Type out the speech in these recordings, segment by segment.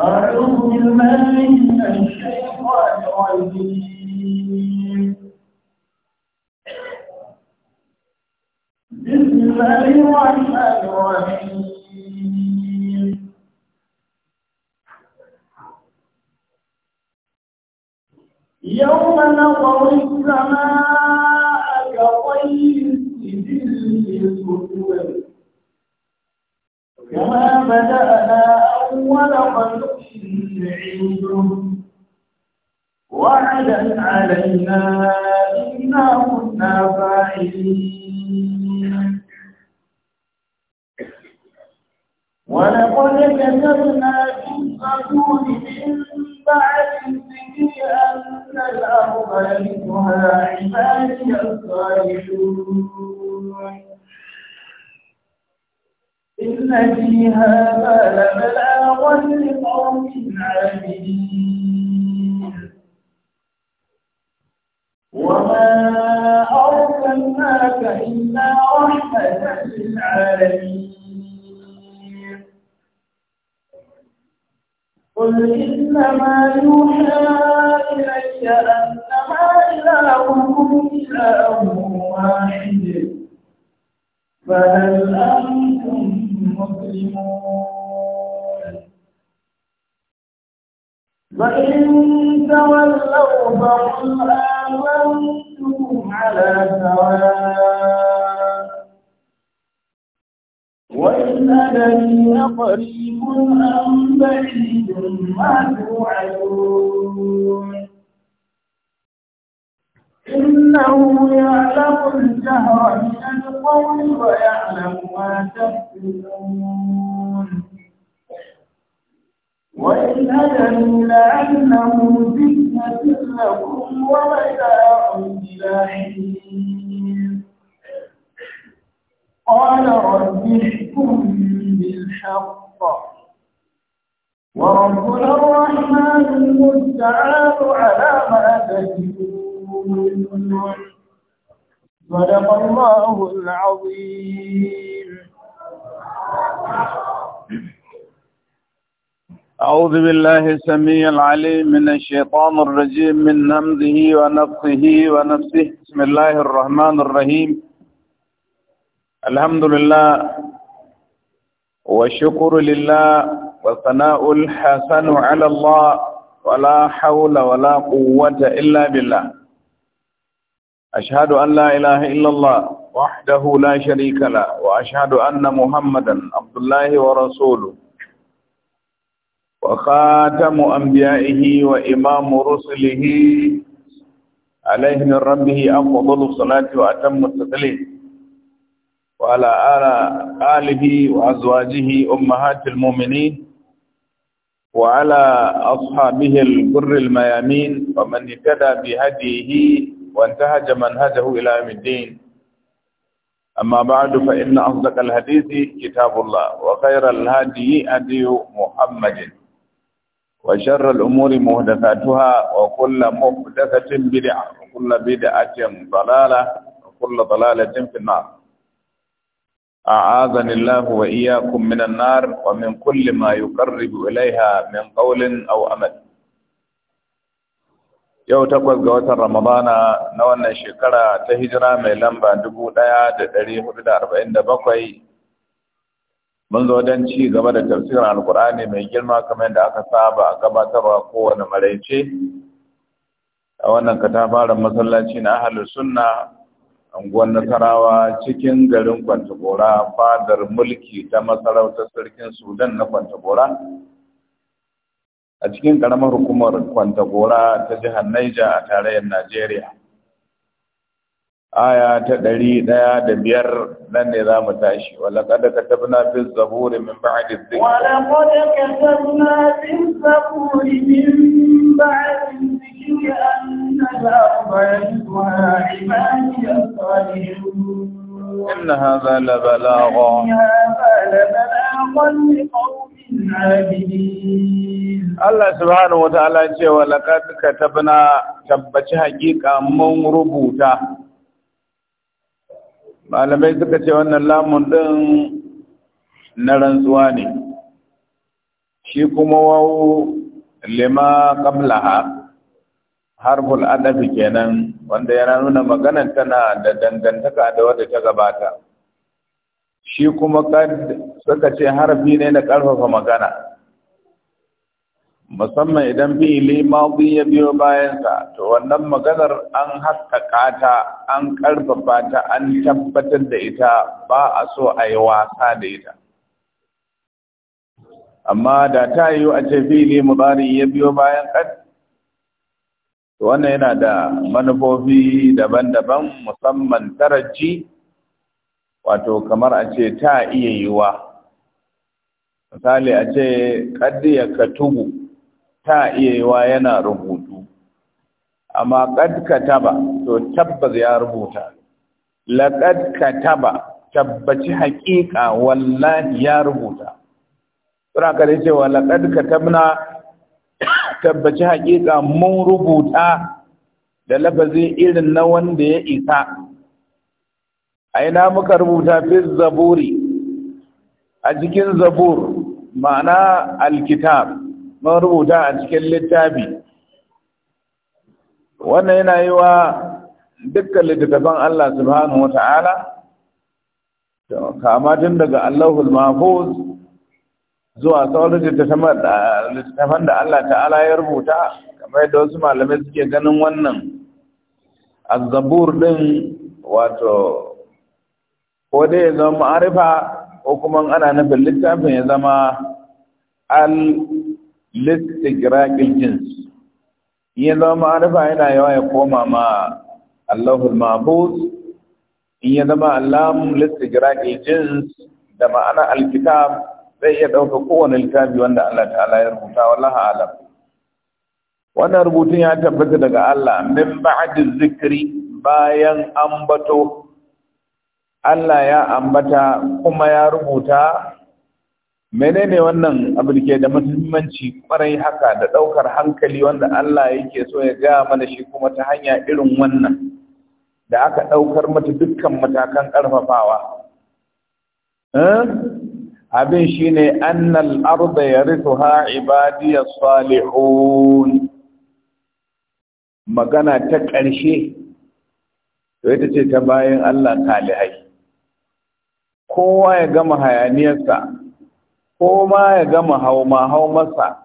أعوذ بالله من الشيطان الرجيم بسم الله الرحمن الرحيم يوم نطوي السماء كطي السجل للكتب كما بدأنا أول خلق عيد علينا إنا كنا فاعلين ولقد كتبنا في الرسول من بعد الذكر أن الأرض يرثها عبادي الصالحون إن في هذا لبلاغا لقوم عابدين وما أرسلناك إلا رحمة للعالمين قل إنما يوحى إلي أنما إلهكم إله واحد فهل أنتم مسلمون وإن تولوا فقل آمنتم على سواء وإن أدري قريب أم بعيد ما توعدون إنه يعلم الجهر من الغيب ويعلم ما تفعلون وإن أدري لأنه فتنة لكم ومتاع إلى حين قال رب احكم بالحق وربنا الرحمن المستعان على ما تجدون صدق الله العظيم أعوذ بالله السميع العليم من الشيطان الرجيم من نمزه ونفسه ونفسه بسم الله الرحمن الرحيم الحمد لله والشكر لله والثناء الحسن على الله ولا حول ولا قوة إلا بالله أشهد أن لا إله إلا الله وحده لا شريك له وأشهد أن محمدا عبد الله ورسوله وخاتم أنبيائه وإمام رسله عليه من ربه أفضل الصلاة وأتم التسليم وعلى آله وأزواجه أمهات المؤمنين وعلى أصحابه البر الميامين ومن اهتدى بهديه وانتهج منهجه إلى يوم الدين أما بعد فإن أصدق الحديث كتاب الله وخير الهدي هدي محمد وشر الأمور مهدثاتها وكل مهدثة بدعة وكل بدعة ضلالة وكل ضلالة في النار أعاذني الله وإياكم من النار ومن كل ما يقرب إليها من قول أو أمل yau takwas ga watan ramadana na wannan shekara ta hijira mai lamba dubu ɗaya da hudu da arba'in da bakwai. mun zo don ci gaba da tafsirin alkur'ani mai girma kamar yadda aka saba a gabatarwa kowane maraice a wannan katafaren masallaci na ahalin sunna unguwar nasarawa cikin garin kwantagora fadar mulki ta masarautar sarkin sudan na kwantagora a cikin karamar hukumar kwantagora ta jihar Niger a tarayyar Najeriya. Aya ta ɗari ɗaya da biyar nan ne za mu tashi, wala ƙada ka tafi na fi zaburi min ba a zikir. Wala ƙada ka tafi na fi zaburi min ba'adi zikir an na labarin wa imaniyar salihu. إن هذا لبلاغا. إن هذا لبلاغا allah الله سبحانه cewa laqad katabna tabbaci haƙiƙa mun rubuta malamai suka ce wannan lamun ɗin na rantsuwa ne shi kuma wawu lima qablaha harful adabi kenan wanda yana nuna maganar tana da dangantaka da wadda ta gabata shi kuma kad suka ce harafi ne na ƙarfafa magana musamman idan fi'ili madi ya biyo bayansa to wannan maganar an haƙaƙa ta an ƙarfafa ta an tabbatar da ita ba a so a yi wasa da ita amma da ta yi a ce fi'ili mudari ya biyo bayan kad to wannan yana da manufofi daban-daban musamman taraji wato kamar a ce ta iya yiwa misali a ce ƙaddiya ka tugu ta iya yiwa yana rubutu amma kad taba to tabbas ya rubuta laqad taba tabbaci haƙiƙa wallahi ya rubuta sura ka da cewa laqad katabna tabbaci haƙiƙa mun rubuta da lafazi irin na wanda ya isa aina muka rubuta fi zaburi a cikin zabur ma'ana alkitab mun rubuta a cikin littafi wannan yana yi wa dukkan littattafan Allah subhanahu wata'ala kama tun daga Allahul Mahfuz zuwa sauran littattafan da Allah ta'ala ya rubuta kamar yadda wasu malamai suke ganin wannan azzabur din wato ko dai ya zama ma'arifa ko kuma ana nufin littafin ya zama al listigraqil jins ya zama ma'arifa yana yawa ya koma ma Allahul Mabus in ya zama Allahun listigraqil jins da ma'ana alkitab zai iya ɗauka kowane littafi wanda Allah ta'ala ya rubuta wallahi alam wannan rubutun ya tabbata daga Allah min ba'di zikiri bayan an bato. Allah ya ambata kuma ya rubuta menene wannan abu da ke da muhimmanci kwarai haka da ɗaukar hankali wanda Allah yake so ya gaya mana shi kuma ta hanya irin wannan da aka ɗaukar mata dukkan matakan ƙarfafawa. Eh? Abin shi ne annal arda ya ritu ha ibadiyar salihun magana ta ƙarshe, ita ce ta bayan Allah talihai. kowa ya gama hayaniyarsa kowa ya gama hauma haumarsa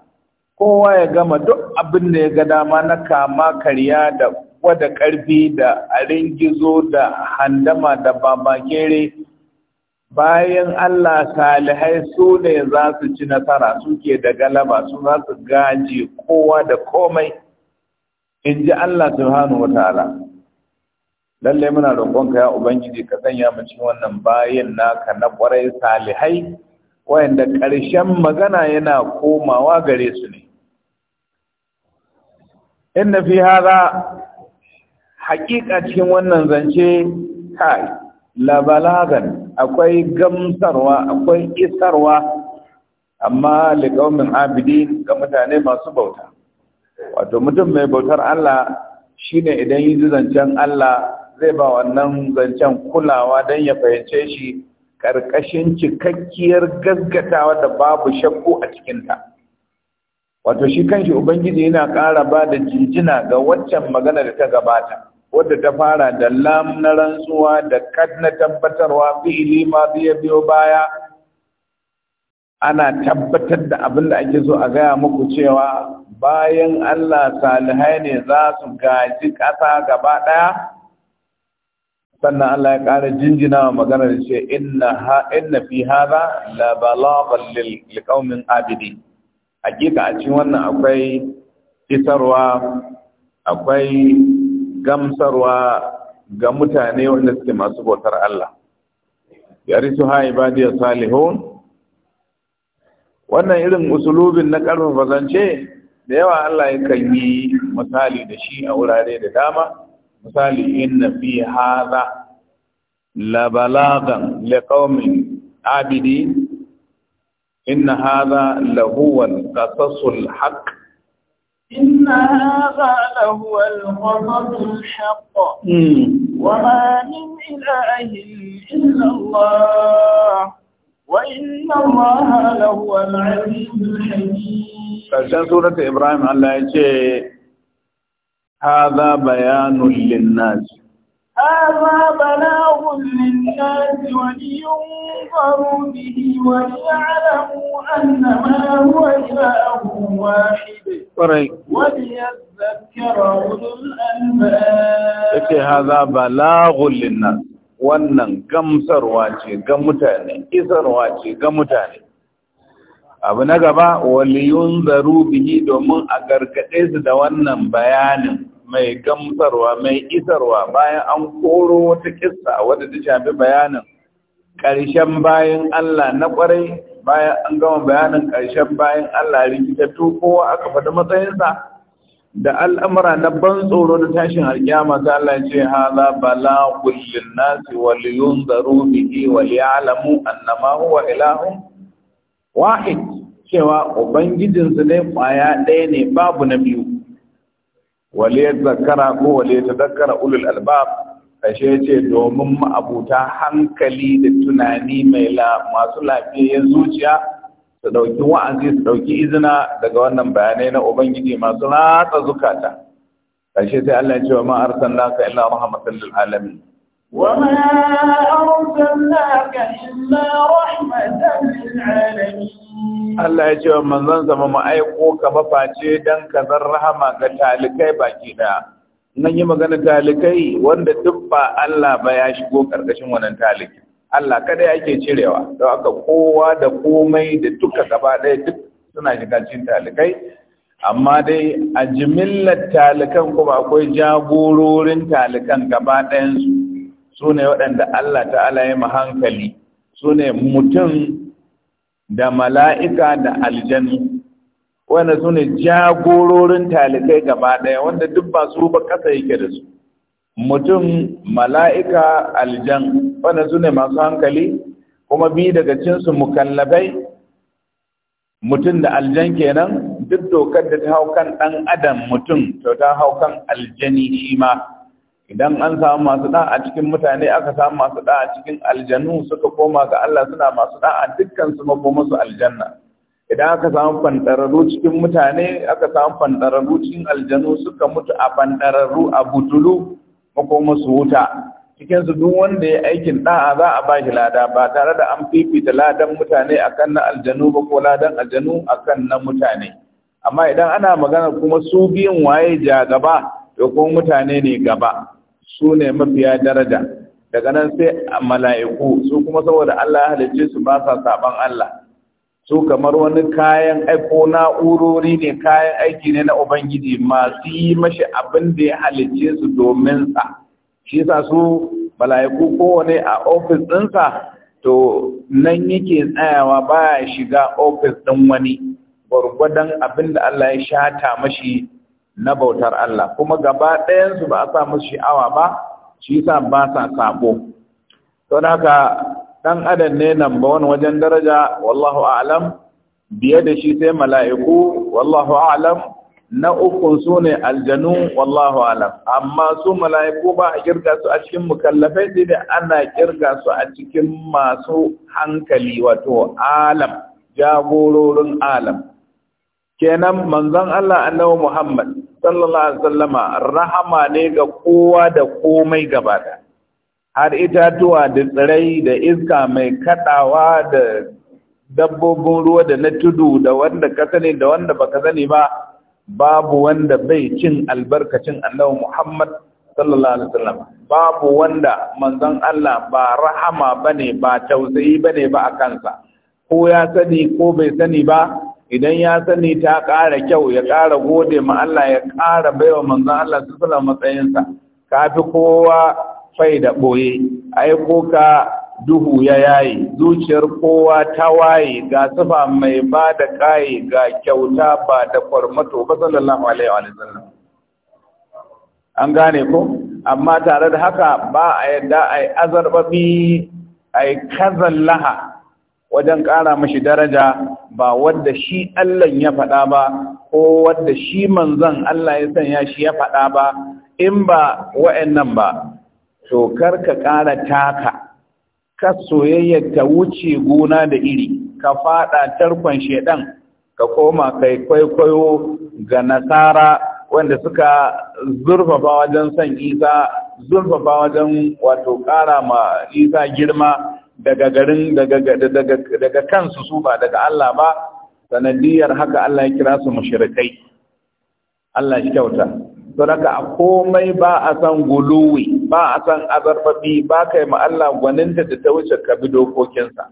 kowa ya gama duk abin da ya ga dama na kama karya da wada karfi da arin gizo da handama da babakere bayan Allah salihai su ne za su ci nasara suke da galaba su za su gaji kowa da komai in ji Allah subhanahu wa ta'ala lallai muna roƙonka ya ubangiji ka sanya mu cikin wannan bayin naka na ƙwarai salihai wayanda ƙarshen magana yana komawa gare su ne inna fi hada haƙiƙa cikin wannan zance kai labalagan akwai gamsarwa akwai isarwa amma liƙaumin abidin ga mutane masu bauta wato mutum mai bautar Allah shine idan yi zancen Allah zai ba wannan zancen kulawa don ya fahimce shi ƙarƙashin cikakkiyar gaggatawa da babu shakku a cikinta wato shi kanshi ubangiji yana ƙara ba da jinjina ga waccan magana da ta gabata wadda ta fara da lam na rantsuwa da kad na tabbatarwa fi'ili ma biya biyo baya ana tabbatar da abin da ake so a gaya muku cewa bayan Allah salihai ne za su gaji ƙasa gaba ɗaya sannan Allah ya ƙara jinjina wa maganar ce inna ha fi hada la balaghan liƙaumin abidi hakika a cikin wannan akwai isarwa akwai gamsarwa ga mutane wanda suke masu bautar Allah Yari su ha ibadiyar salihun wannan irin usulubin na ƙarfafa zance da yawa Allah yakan yi misali da shi a wurare da dama فالي ان في هذا لبلاغا لقوم عابدين ان هذا لهو القصص الحق ان هذا لهو القصص الحق وما من اله الا الله وان الله لهو العزيز الحكيم فشان سوره ابراهيم الله يجي هذا بيان للناس هذا بلاغ للناس ولينظروا به وليعلموا أن ما هو إله واحد وليذكر أولو الألباب هذا بلاغ للناس wannan gamsarwa ce ga mutane isarwa ce ga mutane abu na gaba waliyun zaru bihi domin a gargaɗe su da wannan bayanin mai gamsarwa mai isarwa bayan an koro wata kissa wadda ta shafi bayanin ƙarshen bayan Allah na ƙwarai bayan an gama bayanin ƙarshen bayan Allah rikitattu kowa aka faɗi matsayinsa da al'amura na ban tsoro da tashin alƙiyama ta Allah ce haza bala kullin nasi wal yunzaru bihi wal ya'lamu annama huwa ilahun wahid cewa ubangijinsu ne kwaya ɗaya ne babu na biyu wale zakara ko wale ta tadakkara ulul albab kashe ce domin ma'abuta hankali da tunani mai masu lafiyayyen zuciya su ɗauki wa'azi su ɗauki izina daga wannan bayanai na ubangiji masu ratsa zukata kashe sai Allah ya ce wa ma illa rahmatan lil alamin وما أرسلناك إلا رحمة للعالمين Allah ya ce wa manzon zama mu aiko ka mafaci dan ka zan rahama ga talikai baki da nan yi magana talikai wanda duk ba Allah ba ya shigo karkashin wannan taliki Allah kada yake cirewa don aka kowa da komai da duka gaba ɗaya duk suna shiga cikin talikai amma dai a jimillar talikan kuma akwai jagororin talikan gaba ɗayansu su ne waɗanda Allah ta'ala ya hankali su mutum da mala'ika da aljanu wanda su ne jagororin talikai gaba ɗaya wanda duk ba su ba ƙasa yake da su mutum mala'ika aljan wanda su ne masu hankali kuma bi daga cinsu mukallabai mutum da aljan kenan duk dokar da ta hau kan ɗan adam mutum to ta hau kan aljani shi ma idan an samu masu da a cikin mutane aka samu masu da a cikin aljanu suka koma ga Allah suna masu da a dukkan su musu aljanna idan aka samu fandararru cikin mutane aka samu fandararru cikin aljanu suka mutu a fandararru a butulu musu wuta cikin su duk wanda ya aikin a za a ba shi lada ba tare da an fifita ladan mutane akan na aljanu ba ko ladan aljanu akan na mutane amma idan ana magana kuma su biyan waye ja gaba to mutane ne gaba su ne mafiya daraja daga nan sai mala'iku su kuma saboda Allah ya halicce su ba sa saban Allah su kamar wani kayan aiko na'urori ne kayan aiki ne na ubangiji masu yi mashi abin da ya halicce su domin sa shi sa su mala'iku kowane a ofis ɗinsa to nan yake tsayawa baya shiga ofis ɗin wani gwargwadon abin da Allah ya shata mashi na bautar Allah kuma gaba ɗayansu ba a sa musu sha'awa ba shi yasa ba sa sabo don haka ɗan adam ne namba wani wajen daraja wallahu a'lam biye da shi sai mala'iku wallahu a'lam na ukun su ne aljanu wallahu a'lam amma su mala'iku ba a kirga su a cikin mukallafai sai da ana kirga su a cikin masu hankali wato alam jagororin alam kenan manzon Allah annabi Muhammad sallallahu alaihi wasallama rahama ne ga kowa da komai gaba da har itatuwa da tsirai da iska mai kadawa da dabbobin ruwa da na tudu da wanda ka sani da wanda baka sani ba babu wanda bai cin albarkacin annabi Muhammad sallallahu alaihi wasallama babu wanda manzon Allah ba rahama bane ba tausayi bane ba a kansa ko ya sani ko bai sani ba idan ya sani ta ƙara kyau ya ƙara gode ma Allah ya ƙara baiwa manzon Allah su sula matsayinsa ka fi kowa fai da ɓoye aiko ka duhu ya yayi zuciyar kowa ta waye ga sufa mai ba da ƙaye ga kyauta ba da kwarmato ba sallallahu alaihi wa sallam an gane ko amma tare da haka ba a yadda a yi azarbabi a yi kazan laha wajen ƙara mashi daraja ba wadda shi Allah ya faɗa ba ko wadda shi manzon Allah ya sanya shi ya faɗa ba in ba wa'annan ba to karka ƙara taka ka soyayya ta wuce gona da iri ka faɗa tarkon shedan ka koma kai kwaikwayo ga nasara wanda suka zurfafa wajen son isa zurfafa wajen wato ƙara ma isa girma daga garin daga kansu su ba daga Allah ba sanadiyar haka Allah ya kira su mushrikai Allah shi kyauta to daga a komai ba a san guluwi ba a san azarfafi ba kai ma Allah gwaninta da ta wuce ka bi dokokinsa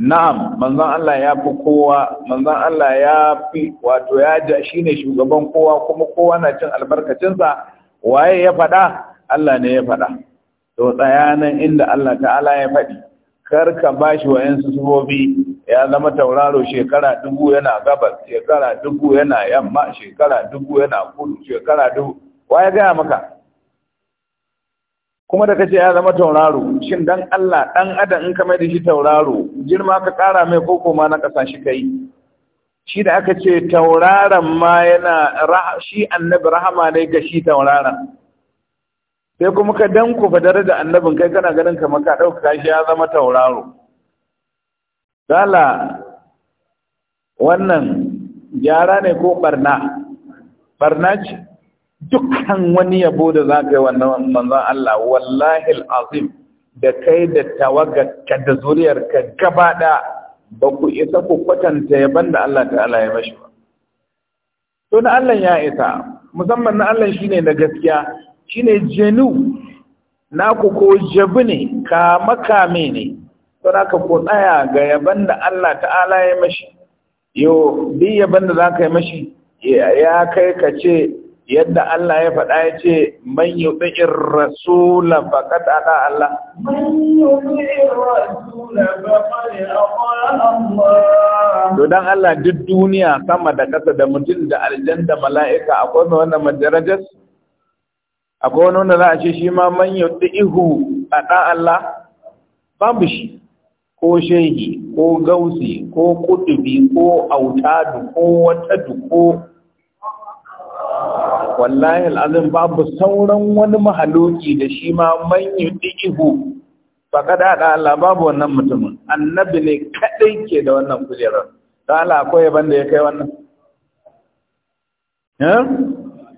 na'am manzon Allah ya fi kowa manzon Allah ya fi wato ya ja shine shugaban kowa kuma kowa na cin albarkacinsa waye ya faɗa Allah ne ya faɗa to tsaya nan inda Allah ta'ala ya faɗi karka ba shi wa'yansu sufofi ya zama tauraro shekara dubu yana gabas shekara dubu yana yamma shekara dubu yana kudu shekara dubu ya gaya maka kuma da kace ya zama tauraro shin dan Allah dan adam in ka mai da shi tauraro girma ka kara mai koko ma na kasa shi kai shi da aka ce tauraron ma yana shi annabi rahama ne ga shi tauraron sai kuma ka danku fadar da annabin kai kana ganin kamar ka ɗauka shi ya zama tauraro dala wannan gyara ne ko barna barna ce dukkan wani yabo da za ka yi wannan manzan Allah wallahi al'azim da kai da tawagarka da zuriyarka gaba ɗaya ba ku isa ku kwatanta ya banda Allah ta'ala ya mashi ba. To na Allah ya isa, musamman na Allah shine na gaskiya shine janu ku ko jabi ne kama makame ne don ka ko tsaya ga yaban da Allah ta'ala ya mashi yo bi yaban da zaka yi mashi ya kai ka ce yadda Allah ya faɗa ya ce man ɗin rasula ba ka Allah Allah to dan Allah duk duniya sama da ƙasa da mutum da aljanda mala'ika akwai wannan majarajarsu akwai wani wanda za a ce shi ma man da ihu a ɗan Allah babu shi ko shehi ko gausi ko kudubi ko autadu ko wata duko. wallahi al'azim babu sauran wani mahaloki da shi ma man da ihu ba kada da Allah babu wannan mutumin annabi ne kaɗai ke da wannan kujerar ta Allah akwai yaban da ya kai wannan eh?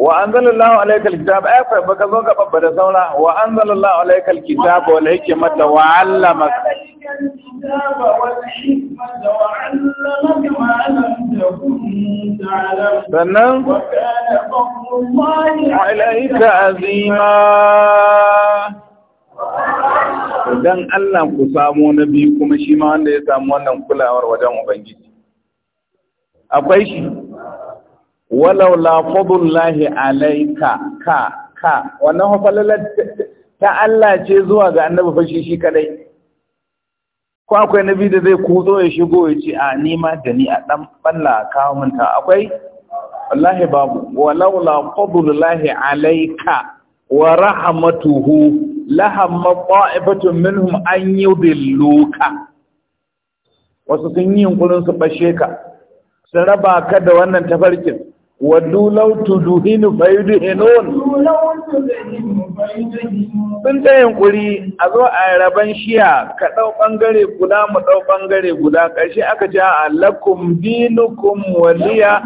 wa anzalallahu alaykal kitaba ay fa baka zo ka babba da saura wa anzalallahu alaykal kitaba wal hikmata wa ka sannan alaika azima dan Allah ku samu na biyu kuma shi ma wanda ya samu wannan kulawar wajen ubangiji akwai shi walau la lahi alaika ka ka wannan hafalala ta Allah ce zuwa ga annabi fashi shi kadai ko akwai nabi da zai kuzo ya shigo ya ce a nima da ni a dan balla kawo ta akwai wallahi babu walau la lahi alaika wa rahmatuhu hamma qa'ibatun minhum an yudilluka wasu sun yi yunkurin su bashe ka sun raba ka da wannan tafarkin waddu law tuduhinu fayudhinun sun ta yunkuri a zo a raban shiya ka ɗau ɓangare guda mu ɗau ɓangare guda ƙarshe aka ja a lakum dinukum waliya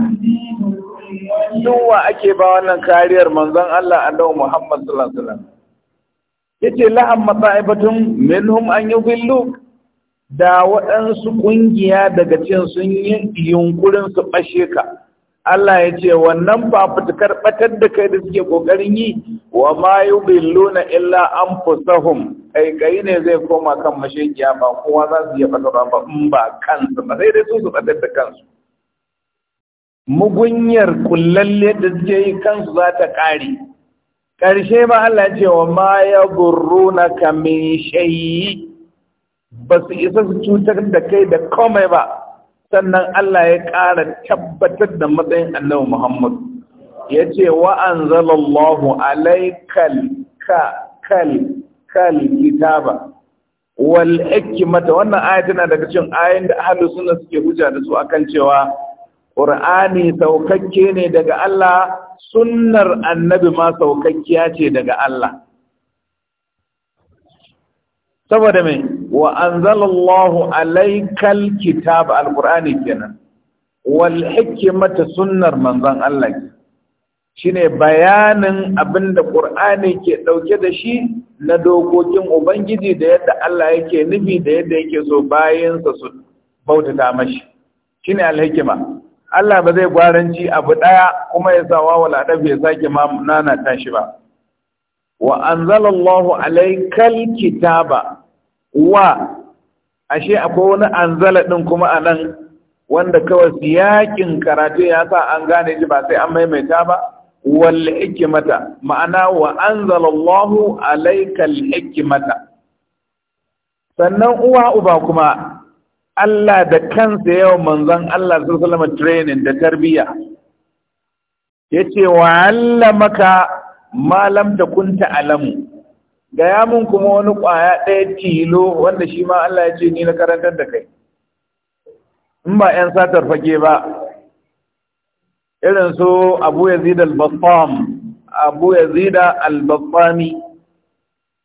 yunwa ake ba wannan kariyar manzon Allah a annabi Muhammad sallallahu alaihi wasallam yace la'am mataibatun minhum an yudillu da waɗansu ƙungiya daga cin sun yi yunkurin su ɓashe ka Allah ya ce wannan ba fafutukar batar da kai da suke ƙoƙarin yi wa ma yubilluna illa anfusahum kai kai ne zai koma kan mashekiya ba kowa za su iya fatar ba in ba kansu ba sai dai su su da kansu mugunyar kullalle da suke yi kansu za ta kare ƙarshe ma Allah ya ce wa ma yadurrunaka min shay'i ba su isa su cutar da kai da komai ba sannan Allah ya ƙara tabbatar da matsayin annabi Muhammad ya ce wa anzalallahu alaikal ka kal kal kitaba wal hikmata wannan aya tana daga cikin ayoyin da ahlus sunna suke hujja da su akan cewa Qur'ani saukakke ne daga Allah sunnar annabi ma saukakkiya ce daga Allah saboda me wa anzalallahu alaikal kitab alqur'ani kenan wal hikmata sunnar manzon Allah shine bayanin abinda qur'ani ke dauke da shi na dokokin ubangiji da yadda Allah yake nufi da yadda yake so bayansa su bautata mashi shine hikma Allah ba zai gwaranci abu daya kuma ya sa wawala da bai sake ma nana tashi ba wa anzalallahu alaikal kitaba wa ashe akwai wani anzala din kuma a nan wanda kawai siyakin karatu ya sa an gane shi ba sai an maimaita ba wal hikmata ma'ana wa alayka al hikmata sannan uwa uba kuma Allah da kansa yau manzon Allah sallallahu alaihi wasallam training da tarbiyya yace wa allamaka ma lam kunta alamu. gaya mun kuma wani ƙwaya ɗaya tilo wanda shi ma Allah ya ce ni na karantar da kai in ba 'yan satar fage ba irin su abu yazid al-bassam abu yazid al-bassami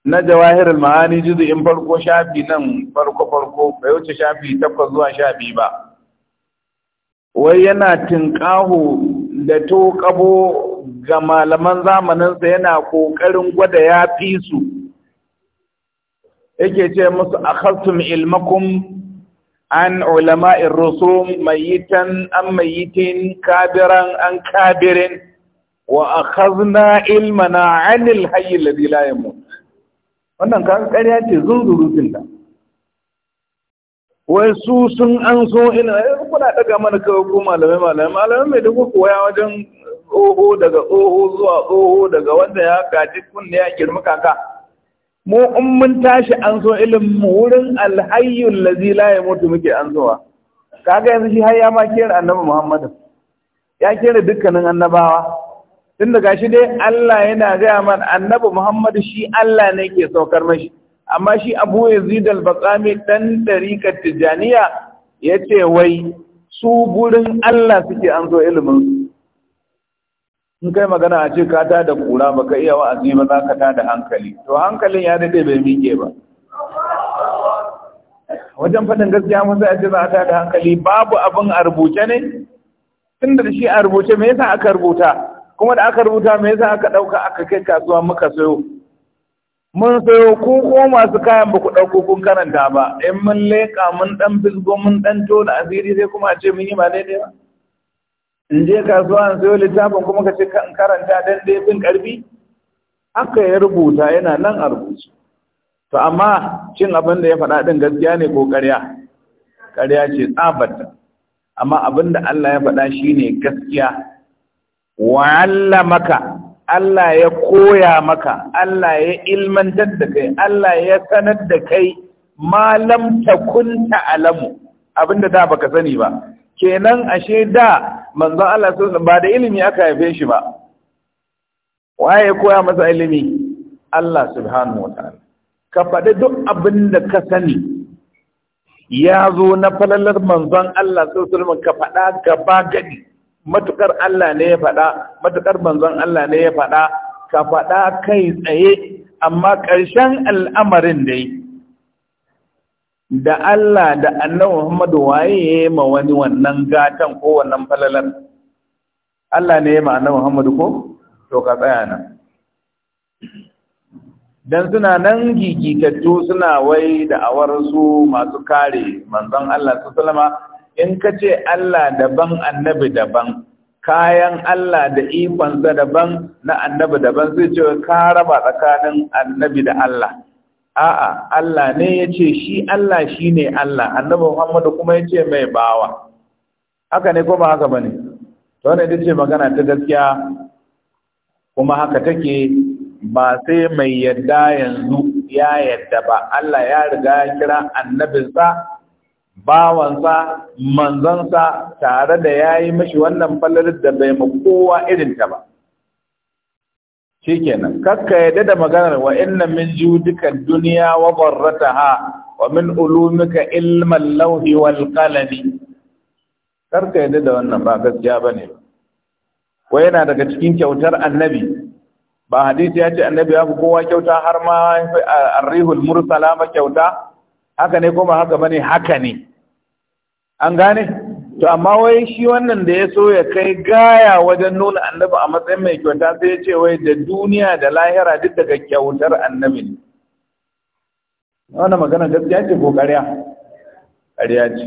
na jawahir al-ma'ani in farko shafi nan farko farko bai wuce shafi takwas zuwa shafi ba wai yana tinkaho da to kabo ga malaman zamaninsa yana kokarin gwada ya fi su yake ce musu akhadtum ilmakum an ulama'ir rusum mayitan an mayitin kabiran an kabirin wa akhadna ilmana 'anil hayy alladhi la yamut wannan kan ƙarya ce zunzurutun da wai su sun an so ina eh, kuna daga mana kawai ko malamai malamai malamai mai duk waya wajen oho daga tsoho zuwa oho daga wanda ya gaji kunne ya girma kaka mu in mun tashi an so ilimin wurin alhayyul ladzi la yamutu muke an sowa kaga yanzu shi har ya ma kera annabi Muhammad ya kera dukkanin annabawa Tunda gashi dai Allah yana gaya man annabi Muhammad shi Allah ne ke saukar mashi amma shi Abu Yazid al-Baqami dan dariƙar Tijaniya yace wai su gurin Allah suke an zo ilimin in kai magana a ce ka tada kura ka iya wa'azi ba za ka tada hankali to hankalin ya dade bai miƙe ba wajen faɗin gaskiya mun sai a ce za a tada hankali babu abin a rubuce ne tun da shi a rubuce me yasa aka rubuta kuma da aka rubuta me yasa aka ɗauka aka kai kasuwa muka sayo mun sayo ko ko masu kayan ba ku ɗauko kun karanta ba in mun leƙa mun ɗan fisgo mun ɗan tona asiri sai kuma a ce mun yi ba daidai ba in je kasuwa in sayo littafin kuma ka ce in karanta dan dai fin karfi haka ya rubuta yana nan a rubuce to amma cin abin da ya faɗa din gaskiya ne ko ƙarya ƙarya ce tsabata amma abin da Allah ya faɗa shi ne gaskiya wa maka Allah ya koya maka Allah ya ilmantar da kai Allah ya sanar da kai malam takunta alamu abinda da baka sani ba kenan ashe da manzon Allah sun ba da ilimi aka haife shi ba waye ya koya masa ilimi Allah subhanahu wataala ka faɗi duk abin da ka sani ya zo na falalar manzon Allah sallallahu ka faɗa gaba gadi matukar Allah ne ya faɗa matukar manzon Allah ne ya faɗa ka faɗa kai tsaye amma ƙarshen al'amarin dai da Allah da annabi Muhammad waye ya ma wani wannan gatan ko wannan falalar Allah ne ya ma annabi Muhammad ko to ka tsaya nan dan suna nan gigikattu suna wai da awarsu masu kare manzon Allah su salama in ka ce Allah daban annabi daban kayan Allah da ikonsa daban na annabi daban sai ce ka raba tsakanin annabi da Allah a'a Allah ne ya ce shi Allah shi ne Allah annabi Muhammadu kuma ya ce mai bawa haka ne ko ba haka bane to ne dace magana ta gaskiya kuma haka take ba sai mai yadda yanzu ya yadda ba Allah ya riga ya kira annabinsa bawansa manzansa tare da yayi mashi wannan fallalar da bai ma kowa irin ta ba shikenan kakka yadda da maganar wa inna min judika dunya wa barrataha wa min ulumika ilmal al-lawhi wal qalami karka yadda da wannan ba gaskiya bane wai yana daga cikin kyautar annabi ba hadisi ya ce annabi ya fi kowa kyauta har ma arrihul mursala ma kyauta haka ne kuma haka bane haka ne an gane to amma wai shi wannan da ya so ya kai gaya wajen nuna annabi a matsayin mai kyauta sai ya ce wai da duniya da lahira duk daga kyautar annabi ne wannan magana gaskiya ce ko ƙarya ƙarya ce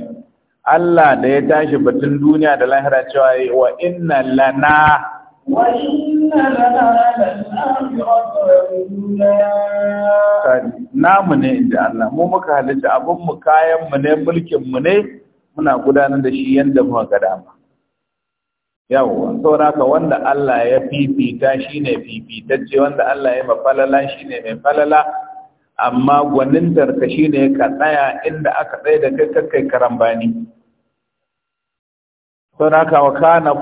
Allah da ya tashi batun duniya da lahira cewa wa inna lana wa inna lana namu ne inda Allah mu muka halitta abin mu kayan mu ne mulkin mu ne muna gudanar da shi yadda muka ga dama yawwa sauraka wanda Allah ya fifita shine fifitacce wanda Allah ya mafalala shine mai falala amma gwanintar ka shine ka tsaya inda aka tsaye da kai bani karambani sauraka wa kana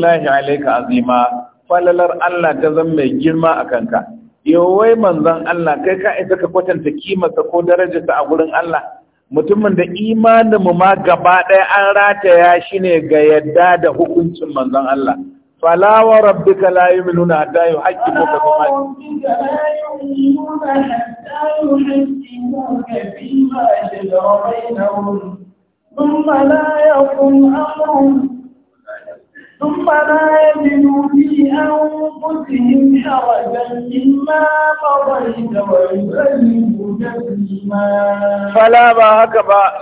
lahi alayka azima falalar Allah ta zama mai girma a kanka yawai manzon Allah kai ka isa ka kwatanta kimarsa ko darajarsa a gurin Allah mutumin da imaninmu ma gaba ɗaya an rataya shi ne ga yadda da hukuncin manzon Allah. Fala wa rabbika la yu'minuna hatta yuhaqqimu bima ثم لا يكن ثم لا يجدوا في أنفسهم حرجا مما قضيت ويسلموا تسليما فلا باهك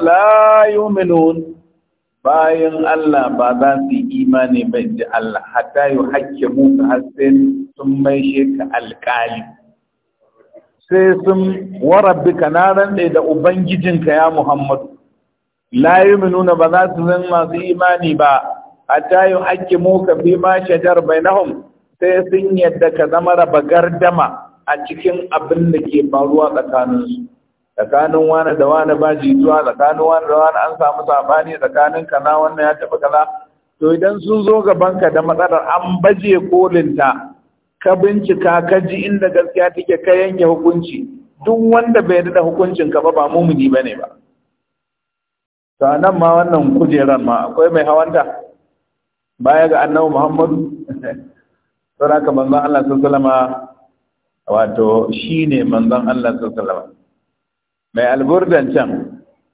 لا يؤمنون bayan Allah ba za su yi imani ba ji Allah hatta yi hakke musu har sun mai ka alƙali sai sun warabbi ka rantse da ubangijinka ya Muhammadu la yi ba za su zan masu imani ba hatta bi ma shajar bainahum sai sun yadda ka zama raba gardama a cikin abin da ke faruwa tsakaninsu tsakanin wani da wani ba jituwa tsakanin wani da wani an samu sabani tsakanin kana wannan ya tafi kaza to idan sun zo gaban ka da matsalar an baje kolinta ka bincika ka ji inda gaskiya take ka yanke hukunci duk wanda bai da hukuncin ka ba ba mumuni bane ba sanan ma wannan kujeran ma akwai mai hawanta baya ga annabi muhammadu don haka manzon Allah sallama wato shine manzon Allah sallama mai alburdan can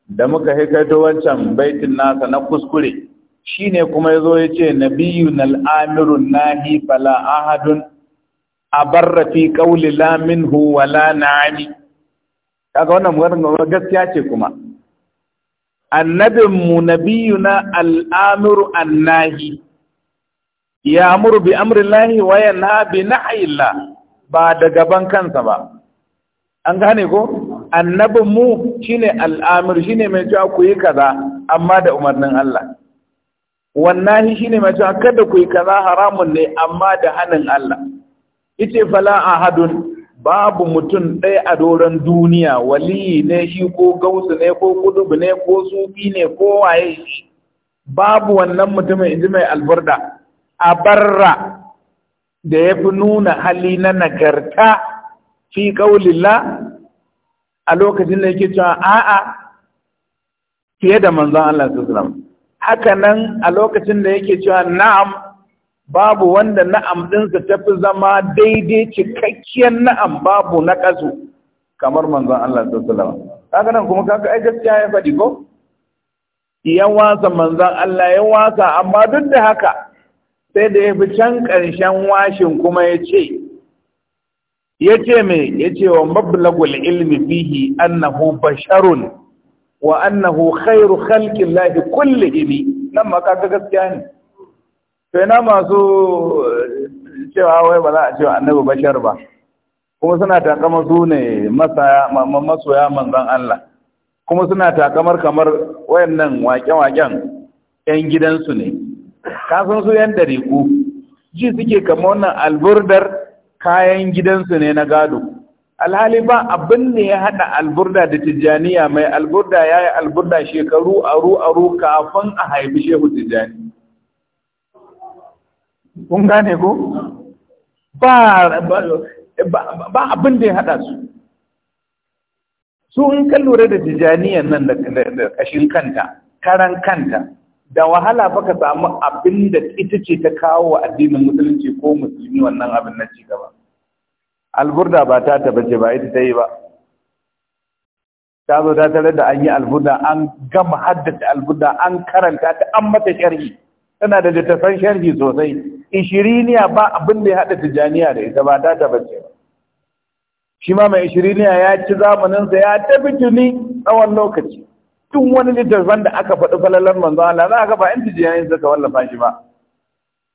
da muka hikaito wancan baitin nasa na kuskure shine kuma yazo yace nabiyun al-amirun nahi fala ahadun abarra fi qawli la minhu wala na'ani kaga wannan maganar gaskiya ce kuma annabinmu nabiyuna al'amiru annahi ya amuru bi lahi wa na bi Ayila ba da gaban kansa ba an gane ko annabin mu shine al'amir shine mai cewa ku yi kaza amma da umarnin Allah wannan shine mai cewa kada ku yi kaza haramun ne amma da hannun Allah yace fala ahadun babu mutum ɗaya a doron duniya waliyi ne shi ko gausu ne ko kudubu ne ko sufi ne ko waye shi babu wannan mutumin inji mai albarda abarra da ya fi nuna hali na nagarta fi ƙaulila a lokacin da yake cewa a'a fiye da manzon Allah sallallahu haka nan a lokacin da yake cewa na'am babu wanda na'am ɗinsa ta fi zama daidai cikakkiyar na'am babu na ƙasu kamar manzon Allah sallallahu kaga nan kuma kaka ai gaskiya ya faɗi ko ya wasa manzon Allah ya wasa amma duk da haka sai da ya fi can ƙarshen washin kuma ya ce ya ce mai ya ce wa mablagul ilmi bihi annahu basharun wa annahu khairu khalqin lahi kulli ibi nan ma kaga gaskiya ne sai na masu eh, cewa wai ba za a cewa annabi bashar ba kuma suna takamar su ne masoya manzan Allah kuma suna takamar kamar wayannan waƙe-waƙen 'yan gidansu ne san su yan ɗariku ji suke kama wannan alburdar kayan gidansu ne na gado alhali ba abin ne ya haɗa alburda da tijjaniya mai alburda ya yi alburda shekaru aru aru kafin a haifi shehu tijjani kun gane ko ba abin da ya haɗa su su in kan lura da tijjaniyan nan da ƙashin kanta karan kanta da wahala baka samu abin da ita ce ta kawo wa addinin musulunci ko musulmi wannan abin na cigaba alburda ba ta ce ba ita ta yi ba ta zo ta tare da an yi alburda an gama haddace alburda an karanta ta an mata sharhi tana da littattafan sharhi sosai ishiriniya ba abin da ya haɗa tijaniya da ita ba ta ce ba shi ma mai ishiriniya ya ci zamaninsa ya tafi tuni tsawon lokaci duk wani littafin da aka faɗi falalar manzo Allah za ka ba in tijiya tijiyani zaka wallafa shi ba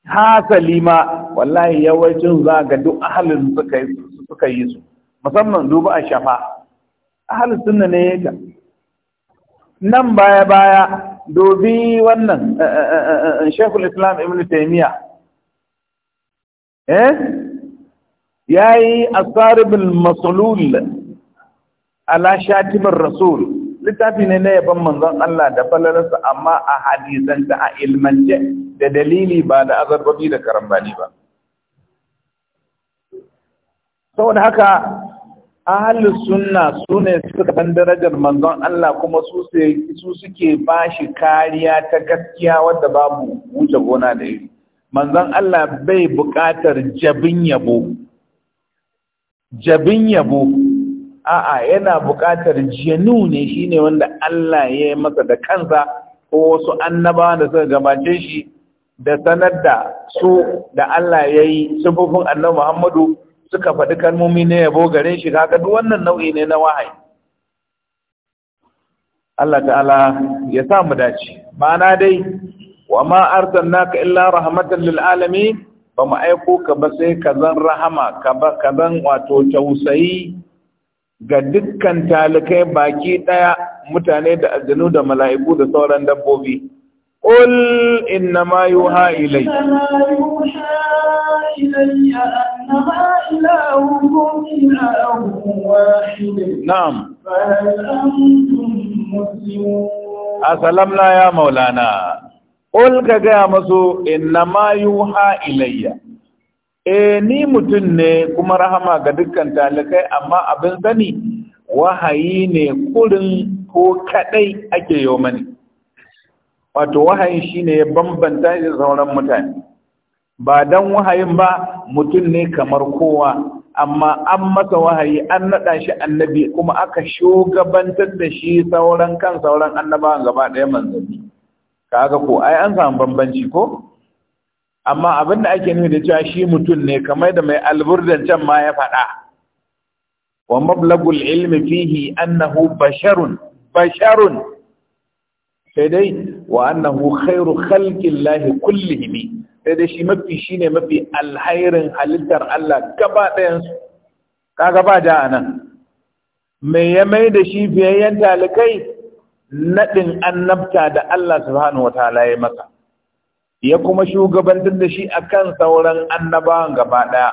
hasali salima. wallahi yawancin za ga duk ahalin suka yi suka yi su musamman duba a shafa ahalin sunna ne yake nan baya baya dobi wannan eh, eh, eh, shekul islam ibn taymiya eh yayi asaribul maslul ala shatimin rasul littafi ne na yaban manzon Allah da falalarsa amma a ta a ilmance da dalili ba da azarbabi da karambani ba saboda haka ahalus sunna su ne suka darajar manzon Allah kuma su suke ba shi kariya ta gaskiya wadda babu wuce gona da iri manzon Allah bai buƙatar jabin yabo jabin yabo a'a yana buƙatar jiyanu ne shine wanda Allah ya yi masa da kansa ko wasu annaba da suka gabace shi da sanar da su da Allah ya yi sufufin annabi Muhammadu suka faɗi kalmomi ne yabo gare shi kaga duk wannan nau'i ne na wahayi Allah ta'ala ya sa mu dace ma'ana dai wa ma arsalnaka illa rahmatan lil alamin ba mu aiko ka ba sai ka zan rahama ka ba ka zan wato tausayi ga dukkan talikai baki ɗaya mutane da aljanu da mala'iku da sauran dabbobi qul inna ma yuha ilay na'am asalamna ya maulana qul ka gaya masu inna ma yuha ilayya E ni mutum ne kuma rahama ga dukkan talikai amma abin sani wahayi ne kurin ko kadai ake yi mani wato shi ne ya bambanta shi sauran mutane ba don wahayin ba mutum ne kamar kowa amma an masa wahayi an naɗa shi annabi kuma aka shugabantar da shi sauran kan sauran annabawan gaba ɗaya manzanni kaga ko ai an samu bambanci ko amma abin da ake nufi da cewa shi mutum ne kamar da mai alburdan can ma ya faɗa wa mablagul ilmi fihi annahu basharun basharun sai dai wa annahu khairu khalqillahi kullihim sai dai shi mafi shine mafi alhairin halittar Allah gaba ɗayan su kaga ba da anan me ya mai da shi biyayyen talikai naɗin annabta da Allah subhanahu wa ta'ala ya masa ya kuma shugabantar da shi a kan sauran annabawan gaba ɗaya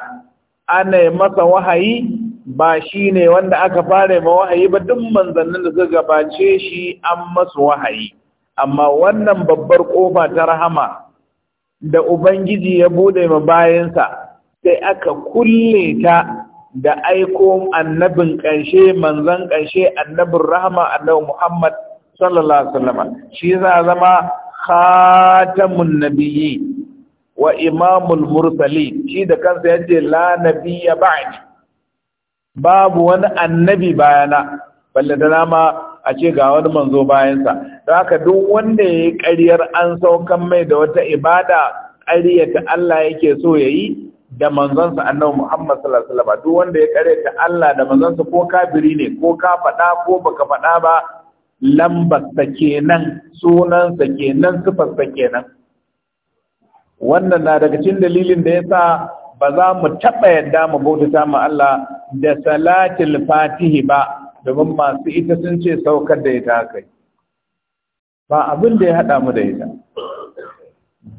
ana masa wahayi ba shi ne wanda aka fara ma wahayi ba duk manzannin da suka gabace shi an masu wahayi amma wannan babbar ƙofa ta rahama da ubangiji ya bude ma bayansa sai aka kulle ta da aiko annabin ƙarshe manzan ƙarshe annabin rahama annabi Muhammad sallallahu alaihi wasallam shi za zama khatamun nabiyyi wa imamul Murtali, shi da kansa yace la nabiyya ba'di babu wani annabi bayana Balla da nama a ce ga wani manzo bayansa don haka duk wanda ya yi ƙaryar an saukan mai da wata ibada karyata Allah yake so ya yi da manzonsa annabi Muhammad sallallahu alaihi wanda ya karyata Allah da manzonsa ko kafiri ne ko ka faɗa ko baka faɗa ba lambarsa kenan sunansa kenan sifarsa kenan wannan na daga cikin dalilin da yasa ba za mu taɓa yadda mu bautata ma Allah da salatul fatihi ba domin masu ita sun ce saukar da ita kai ba abin da ya haɗa mu da ita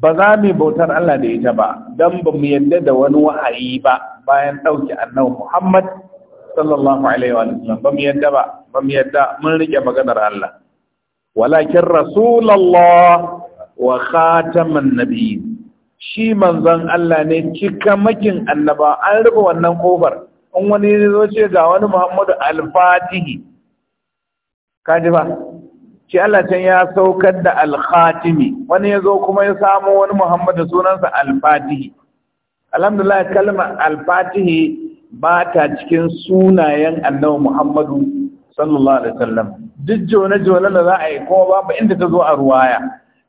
ba za mu bautar Allah da ita ba don ba mu yadda da wani wa'ayi ba bayan ɗauki annabi Muhammad sallallahu alaihi wa sallam Bam yadda ba ba yadda mun rike maganar Allah walakin rasulullah wa khataman nabiyyin shi manzon Allah ne cikamakin annaba an rufe wannan kofar in wani zo ce ga wani Muhammadu al-Fatihi kaji ba shi Allah can ya saukar da al-Khatimi wani yazo kuma ya samu wani Muhammadu sunansa al-Fatihi alhamdulillah kalmar al-Fatihi ba ta cikin sunayen annabi Muhammadu sallallahu alaihi wasallam duk jona jona da za a yi ko babu inda ta zo a ruwaya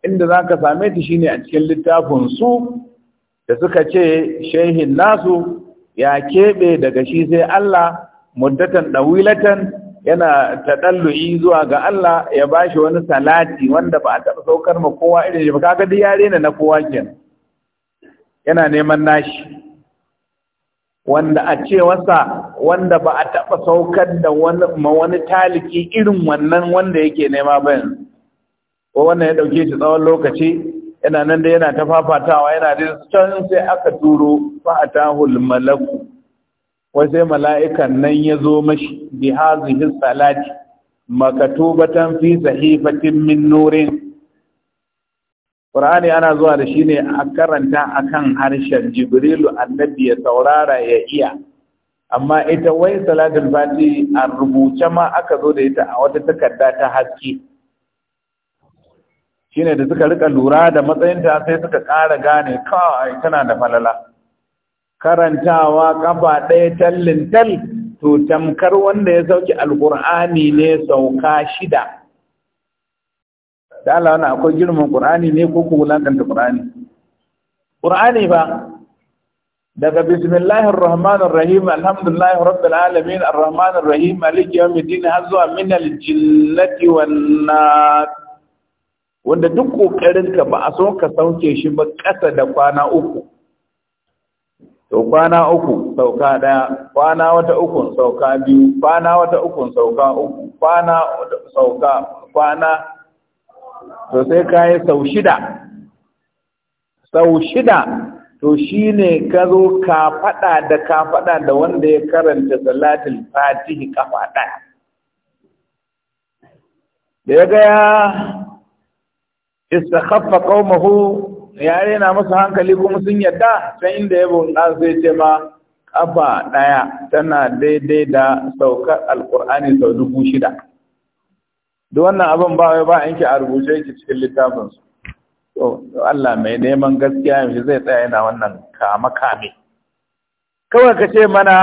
inda za ka same ta shine a cikin littafin su da suka ce shehin nasu ya keɓe daga shi sai Allah muddatan ɗawilatan yana taɗallu'i zuwa ga Allah ya bashi wani salati wanda ba a taɓa saukar ma kowa irin shi ba kaga duk yare na kowa kenan yana neman nashi wanda a ce wasa, wanda ba a taɓa saukar da ma wani taliki irin wannan wanda yake nema bayan ko wannan ya ɗauke shi tsawon lokaci yana nan da yana ta fafatawa yana da can sai aka turo fa tahul malaku wai sai mala'ikan nan ya zo mashi bi hazihi salati makatubatan fi sahifatin min nurin Qur'ani ana zuwa da shi ne a karanta akan harshen Jibrilu annabi ya saurara ya iya amma ita wai salatul fati a rubuce ma aka zo da ita a wata takarda ta haske shine da suka rika lura da matsayinta sai suka ƙara gane kawai tana da falala karantawa kafa ɗaya tallin tal to tamkar wanda ya sauki alkur'ani ne sauka shida da Allah wannan akwai girman Qur'ani ne ko ku wulakanta Qur'ani Qur'ani ba daga bismillahir rahmanir rahim alhamdulillahi rabbil alamin arrahmanir rahim maliki yawmiddin hazwa min aljinnati wan nas wanda duk kokarin ka ba a so ka sauke shi ba kasa da kwana uku to kwana uku sauka daya kwana wata uku sauka biyu kwana wata uku sauka uku kwana sauka kwana to sai ka yi sau shida sau shida to shi ne ka zo ka faɗa da ka faɗa da wanda ya karanta salatul fatihi kafa ɗaya da ya gaya isa istakhaffa qaumahu ya rena musu hankali kuma sun yadda sai inda ya bunƙasa sai ce ma kafa ɗaya tana daidai da saukar alƙur'ani sau dubu shida duk wannan abin ba wai ba yanke a rubuce yake cikin littafin su to Allah mai neman gaskiya yanzu zai tsaya yana wannan kama kame kawai ka ce mana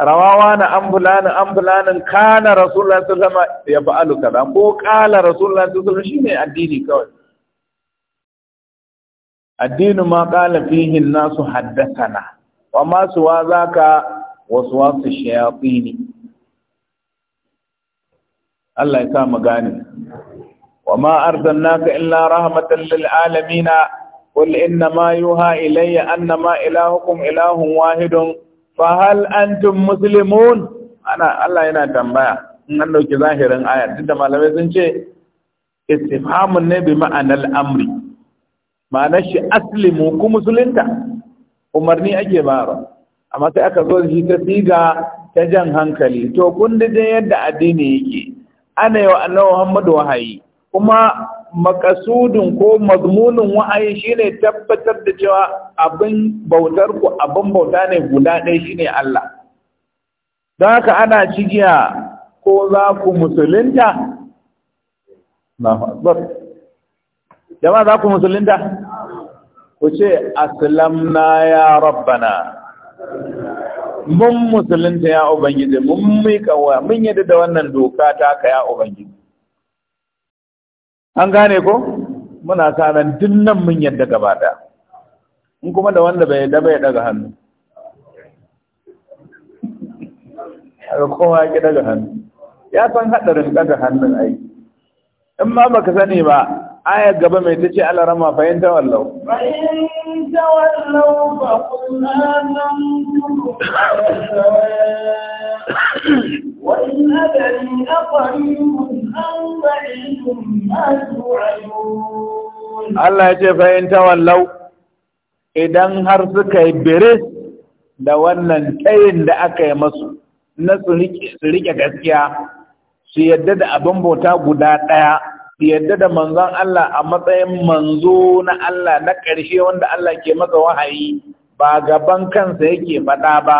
rawawa na ambulanin ambulanin kana rasulullah sallallahu alaihi wasallam ya ba'alu kaza ko kala rasulullah sallallahu alaihi wasallam shine addini kawai addinu ma qala fihi an-nasu haddathana wa ma suwa zaka waswasu shayatini Allah ya sa mu gane wa ma arsalnaka illa rahmatan lil alamin qul inna ma yuha ilayya annama ilahukum ilahun wahidun fa hal antum muslimun ana Allah yana tambaya in an dauki zahirin aya tunda malamai sun ce istifhamun ne bi ma'anal amri ma'anar shi aslimu ku musulunta umarni ake bara amma sai aka zo da shi ta siga ta jan hankali to kun da yadda addini yake ana yau annabi Muhammadu wahayi kuma makasudin ko mazmunin wa'ayi shine tabbatar da cewa abin bautar ku abin bauta ne guda ɗaya shine Allah don haka ana cigiya ko za ku musulunta jama'a za ku musulunta ku ce aslamna ya rabbana mun musulunta ya ubangiji mun mai wa mun yadda da wannan doka ta ka ya ubangiji an gane ko muna sanan ran dinnan mun yadda gaba ɗaya in kuma da wanda bai yadda bai daga hannu a kowa ya daga hannu ya san haɗarin daga hannun aiki in ma baka sani ba ayar gaba mai ta ce alarama fahimta wallau fahimta wallau ba kuna nan وإن أدري أقريب أم idan har suka yi bere da wannan tayin da aka yi masu na su rike gaskiya su yadda da abin bauta guda ɗaya yadda da manzon Allah a matsayin manzo na Allah na ƙarshe wanda Allah ke masa wahayi ba gaban kansa yake faɗa ba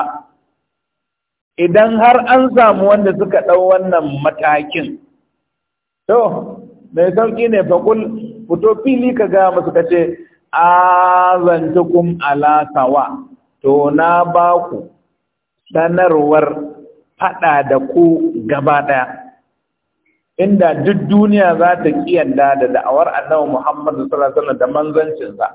idan har an samu wanda suka ɗau wannan matakin to mai sauƙi ne faƙul fito fili ka ga masu ka ce azantukum ala sawa to na ba ku sanarwar faɗa da ku gaba ɗaya inda duk duniya za ta kiyarda da da'awar annabi Muhammad sallallahu alaihi wasallam da manzancinsa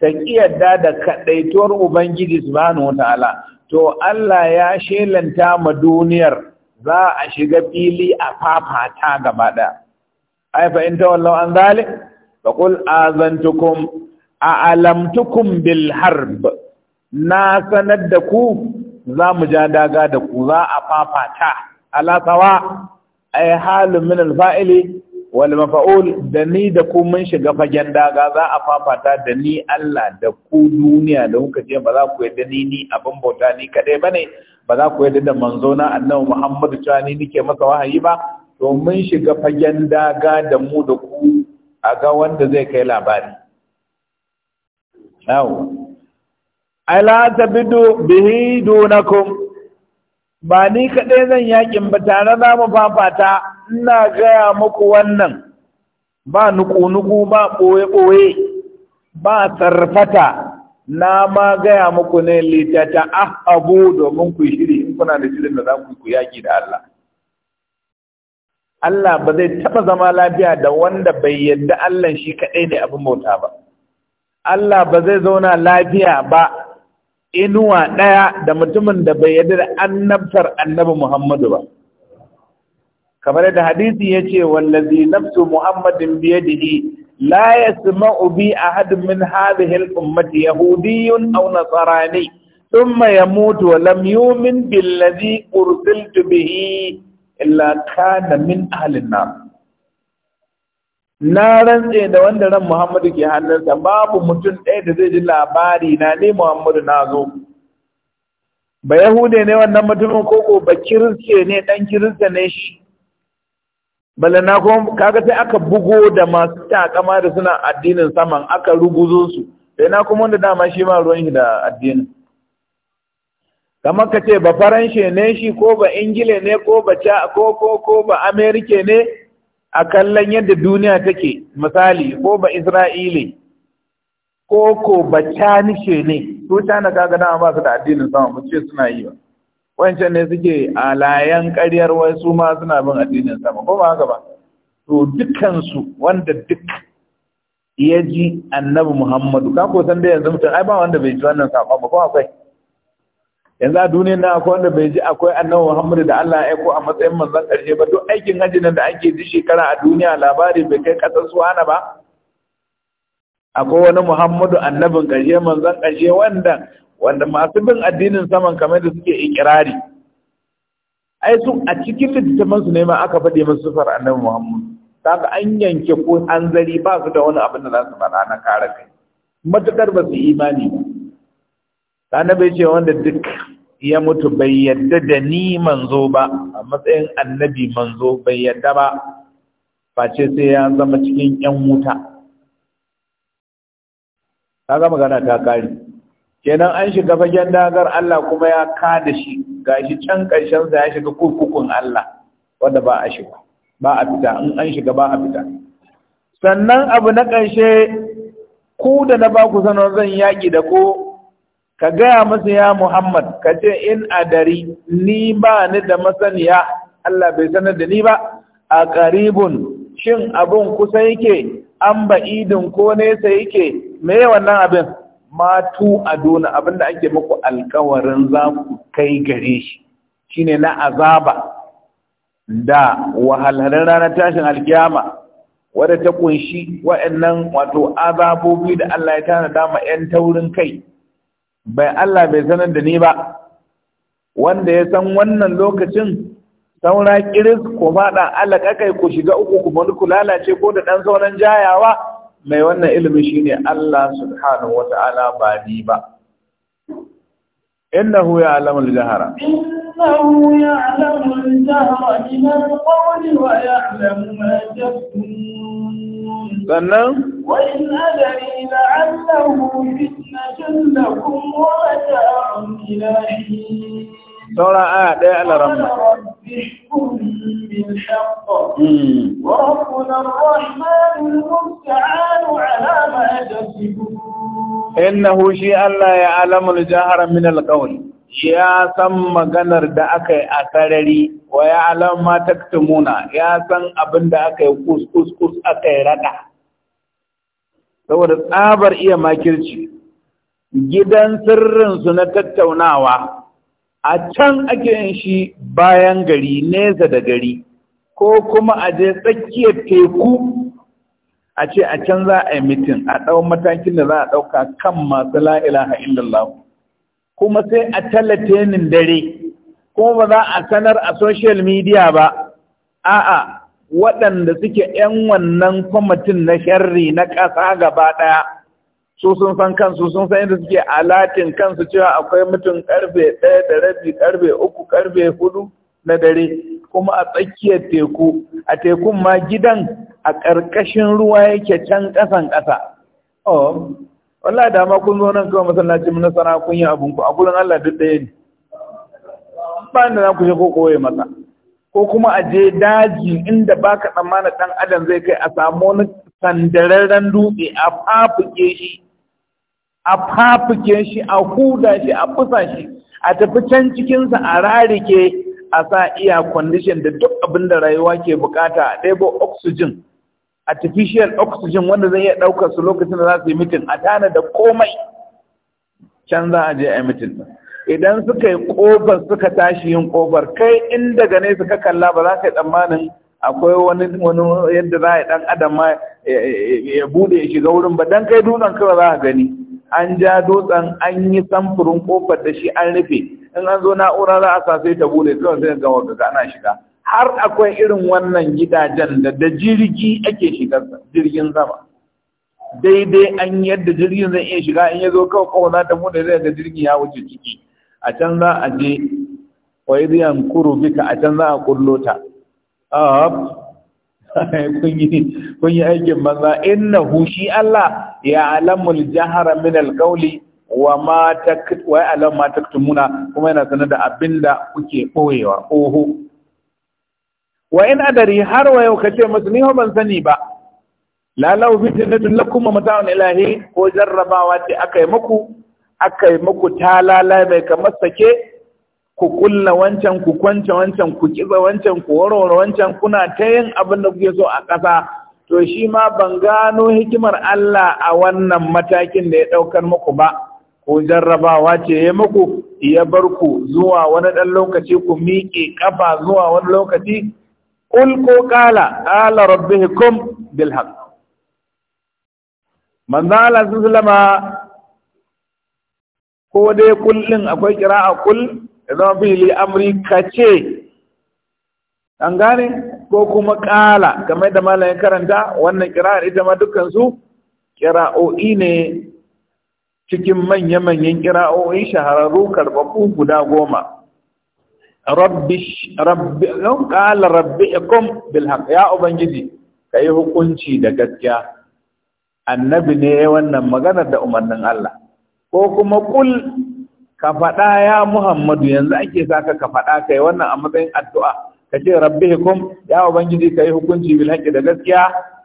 ta kiyarda da kadaituwar ubangiji subhanahu wataala to Allah ya shelanta ma duniyar za a shiga fili a fafata gaba daya ai fa in tawallu an zalik fa qul azantukum a'lamtukum bil harb na sanar da ku za mu ja daga da ku za a fafata ala sawa ai halin min alfa'ili wal mafa'ul da ni da ku mun shiga fagen daga za a fafata da ni Allah da ku duniya da kuka je ba za ku da ni ni abin bauta ni kadai bane ba za ku yi da manzo na annabi Muhammadu cewa ni nike masa wahayi ba to mun shiga fagen daga da mu da ku a ga wanda zai kai labari yawo ala tabidu bihi dunakum ba ni kaɗai zan yakin ba tare za mu fafata ina gaya muku wannan ba nuku-nuku ba ɓoye-ɓoye ba sarfata na ma gaya muku ne litata abu domin ku shiri in kuna da shirin da za ku ku yaƙi da Allah Allah ba zai taɓa zama lafiya da wanda bai yadda Allah shi kaɗai ne abin bauta ba Allah ba zai zauna lafiya ba inuwa ɗaya da mutumin da bai yarda da annabtar annabi Muhammadu ba. Kamar da hadisi ya ce, wallazi nafsu Muhammadin biyadihi la yasma'u a ahadun min hadhihi al-ummati yahudiyyun aw nasarani thumma yamutu wa lam yu'min billadhi ursiltu bihi illa kana min ahalin an na rantse da wanda ran Muhammadu ke hannunsa babu mutum ɗaya da zai ji labari na ne Muhammadu na zo ba Yahude ne wannan mutumin koko ba Kirista ne ɗan kirista ne shi na kuma kaga sai aka bugo da masu takama da suna addinin saman aka ruguzo su sai na kuma wanda dama shi ma ruwan shi da addinin kamar ka ce ba faranshe ne shi ko ba ingile ne ko ba ko ko ba amerike ne a kallon yadda duniya take misali ko ba Isra'ili ko ko ba canishe ne su cana kaga dama ba su da addinin sama mu ce suna yi ba wancan ne suke alayan ƙaryar wai su ma suna bin addinin sama ko ba haka ba to dukansu wanda duk ya ji annabi muhammadu ka ko san da yanzu mutum ai ba wanda bai ji wannan a ba ko akwai yanzu a duniyar na akwai wanda bai ji akwai annabi Muhammadu da Allah ya aiko a matsayin manzon ƙarshe ba duk aikin hajji nan da ake ji shekara a duniya labari bai kai kasar Suwana ba akwai wani Muhammadu annabin ƙarshe manzon ƙarshe wanda wanda masu bin addinin saman kamar da suke ikirari ai su a cikin littattafan su ne ma aka faɗi musu sufar annabi Muhammadu kaga an yanke ko an zari ba su da wani abin da za su faɗa na kare kai matukar ba su imani ba annabi ce wanda duk ya mutu bai yadda da ni manzo ba a matsayin annabi manzo bai yadda ba face sai ya zama cikin yan wuta zama gana ta kari kenan an shiga fagen dagar Allah kuma ya ka da shi Ga shi can karshen sa ya shiga kurkukun Allah wanda ba a shiga ba a fita in an shiga ba a fita sannan abu na ƙarshe ku da na ba ku sanar zan yaƙi da ku ka gaya masa ya Muhammad ka ce in a dari ni ba ni da masaniya Allah bai sanar da ni ba a karibun shin abun kusa yake an ba'idin ko nesa yake me wannan abin matu duna abinda ake muku alkawarin za ku kai gare shi shine na azaba da wahalhalin ranar tashin alkiyama wadda ta kunshi waɗannan wato azabobi da Allah ya tana dama 'yan taurin kai bai Allah bai sanar da ni ba wanda ya san wannan lokacin saura kiris ku faɗa alaƙaƙai ku shiga uku ku wani ku lalace ko da ɗan sauran jayawa mai wannan ilimin shine Allah subhanahu wata'ala ba ni ba innahu ya'lamu al-jahra innahu ya'lamu al-jahra sannan saura aya ɗaya alaran ba hmm. innahu shi Allah ya alamul jahara min alqawl ya san maganar da aka yi a sarari wa ya alama ya san abin da aka yi kus-kus aka yi rada saboda tsabar iya makirci gidan sirrinsu na tattaunawa a can ake yin shi bayan gari nesa da gari ko kuma a je tsakiyar teku a ce a can za a yi mitin a ɗau matakin da za a ɗauka kan masu la'ilaha illallahu kuma sai a talatenin dare kuma ba za a sanar a social media ba a'a waɗanda suke 'yan wannan kwamitin na sharri na ƙasa gaba ɗaya su sun san kansu sun san yadda suke alatin kansu cewa akwai mutum ƙarfe ɗaya da rabi karfe uku karfe hudu na dare kuma a tsakiyar teku a tekun ma gidan a ƙarƙashin ruwa yake can ƙasan ƙasa oh, wallahi da ma kun zo nan kawai masallaci mun nasara kun yi abun a gurin Allah duk ɗaya ne ba inda za ku je ko koye masa ko kuma a je daji inda baka tsammanin dan adam zai kai a samu wani sandararren dutse a fafuke shi a fafuke shi a huda shi a fusa shi a tafi can cikinsa a rarike a sa iya kwandishin da duk abin da rayuwa ke bukata a ɗebo oxygen artificial oxygen wanda zai iya ɗaukar su lokacin da za su yi mitin a tana da komai can za a je a mitin ɗin idan suka yi ƙofar suka tashi yin ƙofar kai in daga ne suka kalla ba za ka yi tsammanin akwai wani wani yadda za a yi ɗan adam ma ya buɗe ya shiga wurin ba dan kai dutsen kawa za a gani an ja dutsen an yi samfurin ƙofar da shi an rufe in an zo na'ura za a sa sai ta buɗe, kawai sai ga wanda ana shiga har akwai irin wannan gidajen da da jirgi ake shigar jirgin sama daidai an yadda jirgin zai iya shiga in ya zo kawai kauna ta mu da zai ga jirgin ya wuce ciki a can za a je waidiyan kuru bika a can za a kullo ta kun yi aikin banza inna hushi Allah ya alamul jahara min alkauli wa ma taktumuna kuma yana sanar da abinda kuke ɓoyewa oho wa in adari har wa yau kace musu ni ban sani ba lalau fitnatun lakum mata'un ilahi ko jarrabawa ce aka yi muku aka yi la mai kamar sake ku kulla wancan ku kwance wancan ku kiza wancan ku warware wancan kuna ta yin abin da kuke so a ƙasa to shi ma ban gano hikimar Allah a wannan matakin da ya ɗaukar muku ba ko jarrabawa ce ya muku ya bar ku zuwa wani ɗan lokaci ku miƙe ƙafa zuwa wani lokaci qul ko ƙala qala rabbikum bil haqq manzo Allah sallama ko dai kullin akwai qira'a kul idan fi'li amri kace an ko kuma ƙala game da malamin karanta wannan qira'ar ita ma dukkan su qira'o'i ne cikin manya-manyan qira'o'in shahararru karbabu guda goma rabbish rabbi don qala rabbikum bil haqq ya ubangiji kai hukunci da gaskiya annabi ne wannan magana da umarnin Allah ko kuma kul ka faɗa ya Muhammadu yanzu ake saka ka faɗa kai wannan a matsayin addu'a ka ce rabbikum ya ubangiji kai hukunci bil haqq da gaskiya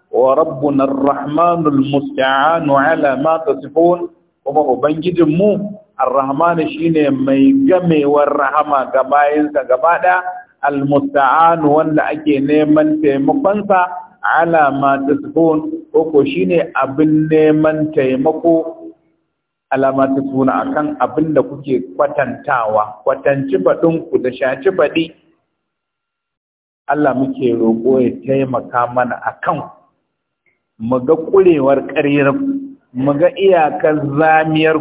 wa rabbuna arrahmanul musta'anu ala ma tasifun kuma ubangijinmu ar-rahmanu shine mai gamewar rahama ga bayansa gaba ɗaya al-musta'an wanda ake neman taimakonsa ala ma tasbun ko shine abin neman taimako alama ta suna akan abin da kuke kwatantawa kwatanci ku da shaci baɗi Allah muke roƙo ya taimaka mana akan mu ga ƙurewar ƙaryarku mu ga iyakar zamiyar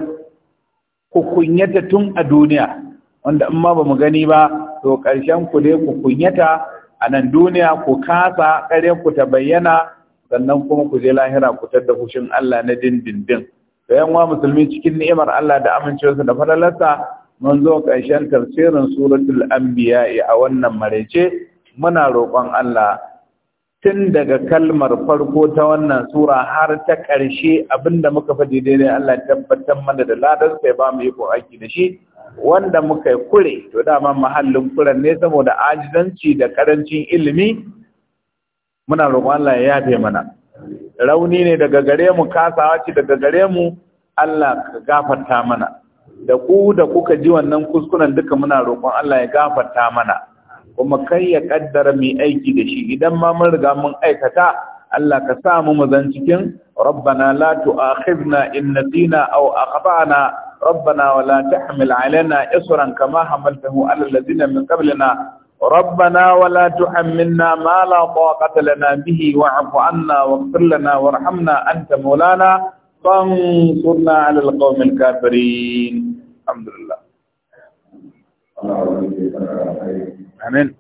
ku kunyata tun a duniya wanda in ma ba mu gani ba to ƙarshen ku dai ku kunyata a nan duniya ku kasa ƙare ku ta bayyana sannan kuma ku je lahira ku tadda hushin Allah na dindindin to yan musulmi cikin ni'imar Allah da amincewarsa da falalarsa mun zo ƙarshen tafsirin suratul anbiya a wannan marece muna roƙon Allah tun daga kalmar farko ta wannan sura har ta ƙarshe abinda muka faɗi daidai Allah tabbatar mana da ladar sai ba mu yi aiki da shi wanda muka kure to dama mahallin kuren ne saboda ajizanci da karancin ilimi muna roƙon Allah ya yafe mana rauni ne daga gare mu kasawa ce daga gare mu Allah ka gafarta mana da ku da kuka ji wannan kuskuren duka muna roƙon Allah ya gafarta mana kuma kai ya kaddara mai aiki da shi idan ma mun riga mun aikata Allah ka sa mu mazan cikin rabbana la tu'akhidna in nasina aw akhtana rabbana wa la tahmil alaina isran kama hamaltahu ala alladhina min qablina ربنا ولا تحملنا ما لا طاقة لنا به واعف عنا واغفر لنا وارحمنا أنت مولانا فانصرنا على القوم الكافرين الحمد لله Amen.